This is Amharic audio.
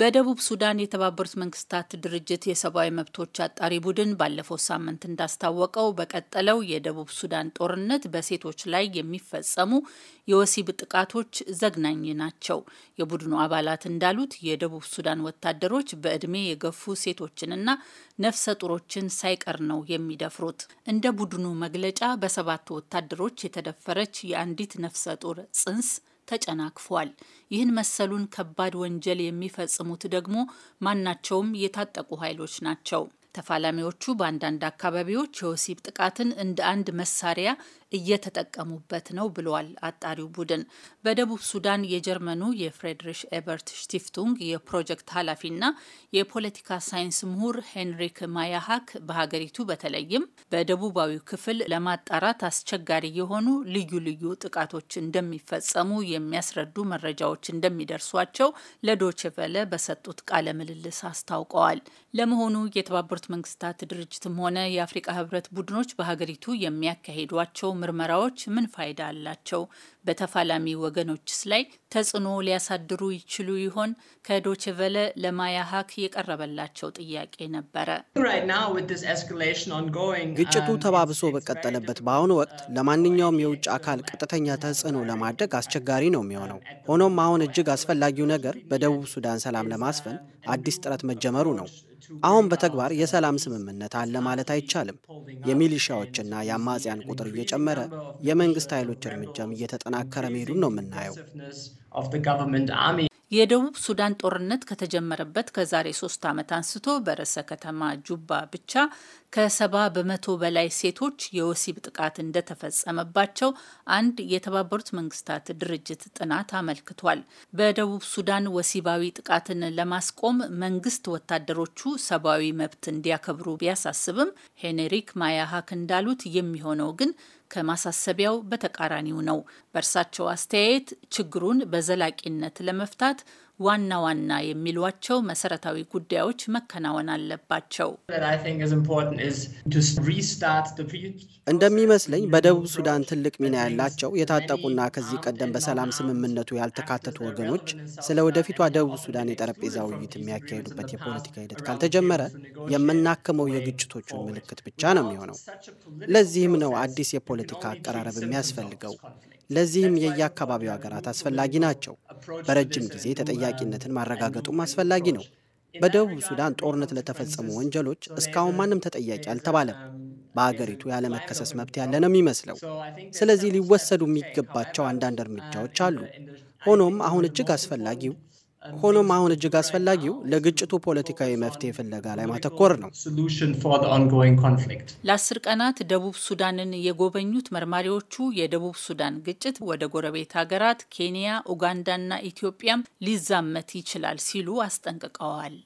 በደቡብ ሱዳን የተባበሩት መንግስታት ድርጅት የሰብአዊ መብቶች አጣሪ ቡድን ባለፈው ሳምንት እንዳስታወቀው በቀጠለው የደቡብ ሱዳን ጦርነት በሴቶች ላይ የሚፈጸሙ የወሲብ ጥቃቶች ዘግናኝ ናቸው። የቡድኑ አባላት እንዳሉት የደቡብ ሱዳን ወታደሮች በዕድሜ የገፉ ሴቶችንና ነፍሰ ጡሮችን ሳይቀር ነው የሚደፍሩት። እንደ ቡድኑ መግለጫ በሰባት ወታደሮች የተደፈረች የአንዲት ነፍሰ ጡር ጽንስ ተጨናክፏል። ይህን መሰሉን ከባድ ወንጀል የሚፈጽሙት ደግሞ ማናቸውም የታጠቁ ኃይሎች ናቸው። ተፋላሚዎቹ በአንዳንድ አካባቢዎች የወሲብ ጥቃትን እንደ አንድ መሳሪያ እየተጠቀሙበት ነው ብለዋል አጣሪው ቡድን። በደቡብ ሱዳን የጀርመኑ የፍሬድሪሽ ኤበርት ሽቲፍቱንግ የፕሮጀክት ኃላፊና የፖለቲካ ሳይንስ ምሁር ሄንሪክ ማያሃክ በሀገሪቱ በተለይም በደቡባዊ ክፍል ለማጣራት አስቸጋሪ የሆኑ ልዩ ልዩ ጥቃቶች እንደሚፈጸሙ የሚያስረዱ መረጃዎች እንደሚደርሷቸው ለዶችቨለ በሰጡት ቃለ ምልልስ አስታውቀዋል። ለመሆኑ የተባበሩ የተባበሩት መንግስታት ድርጅትም ሆነ የአፍሪቃ ህብረት ቡድኖች በሀገሪቱ የሚያካሂዷቸው ምርመራዎች ምን ፋይዳ አላቸው? በተፋላሚ ወገኖችስ ላይ ተጽዕኖ ሊያሳድሩ ይችሉ ይሆን? ከዶችቨለ ለማያ ሀክ የቀረበላቸው ጥያቄ ነበረ። ግጭቱ um, ተባብሶ በቀጠለበት በአሁኑ ወቅት uh, ለማንኛውም የውጭ አካል ቀጥተኛ ተጽዕኖ ለማድረግ አስቸጋሪ ነው የሚሆነው። ሆኖም አሁን እጅግ አስፈላጊው ነገር በደቡብ ሱዳን ሰላም uh, ለማስፈን አዲስ ጥረት መጀመሩ ነው። አሁን በተግባር የ የሰላም ስምምነት አለ ማለት አይቻልም። የሚሊሻዎችና የአማጽያን ቁጥር እየጨመረ የመንግስት ኃይሎች እርምጃም እየተጠናከረ መሄዱን ነው የምናየው። የደቡብ ሱዳን ጦርነት ከተጀመረበት ከዛሬ ሶስት ዓመት አንስቶ በርዕሰ ከተማ ጁባ ብቻ ከሰባ በመቶ በላይ ሴቶች የወሲብ ጥቃት እንደተፈጸመባቸው አንድ የተባበሩት መንግስታት ድርጅት ጥናት አመልክቷል። በደቡብ ሱዳን ወሲባዊ ጥቃትን ለማስቆም መንግስት ወታደሮቹ ሰብአዊ መብት እንዲያከብሩ ቢያሳስብም ሄኔሪክ ማያሃክ እንዳሉት የሚሆነው ግን ከማሳሰቢያው በተቃራኒው ነው። በእርሳቸው አስተያየት ችግሩን በዘላቂነት ለመፍታት ዋና ዋና የሚሏቸው መሰረታዊ ጉዳዮች መከናወን አለባቸው። እንደሚመስለኝ በደቡብ ሱዳን ትልቅ ሚና ያላቸው የታጠቁና ከዚህ ቀደም በሰላም ስምምነቱ ያልተካተቱ ወገኖች ስለ ወደፊቷ ደቡብ ሱዳን የጠረጴዛ ውይይት የሚያካሄዱበት የፖለቲካ ሂደት ካልተጀመረ የምናክመው የግጭቶቹን ምልክት ብቻ ነው የሚሆነው። ለዚህም ነው አዲስ የፖ የፖለቲካ አቀራረብ የሚያስፈልገው። ለዚህም የየአካባቢው ሀገራት አስፈላጊ ናቸው። በረጅም ጊዜ ተጠያቂነትን ማረጋገጡም አስፈላጊ ነው። በደቡብ ሱዳን ጦርነት ለተፈጸሙ ወንጀሎች እስካሁን ማንም ተጠያቂ አልተባለም። um, በአገሪቱ ያለመከሰስ መብት ያለ ነው የሚመስለው። ስለዚህ ሊወሰዱ የሚገባቸው አንዳንድ እርምጃዎች uh, አሉ። ሆኖም አሁን እጅግ አስፈላጊው ሆኖም አሁን እጅግ አስፈላጊው ለግጭቱ ፖለቲካዊ መፍትሄ ፍለጋ ላይ ማተኮር ነው። ለአስር ቀናት ደቡብ ሱዳንን የጎበኙት መርማሪዎቹ የደቡብ ሱዳን ግጭት ወደ ጎረቤት ሀገራት ኬንያ፣ ኡጋንዳና ኢትዮጵያም ሊዛመት ይችላል ሲሉ አስጠንቅቀዋል።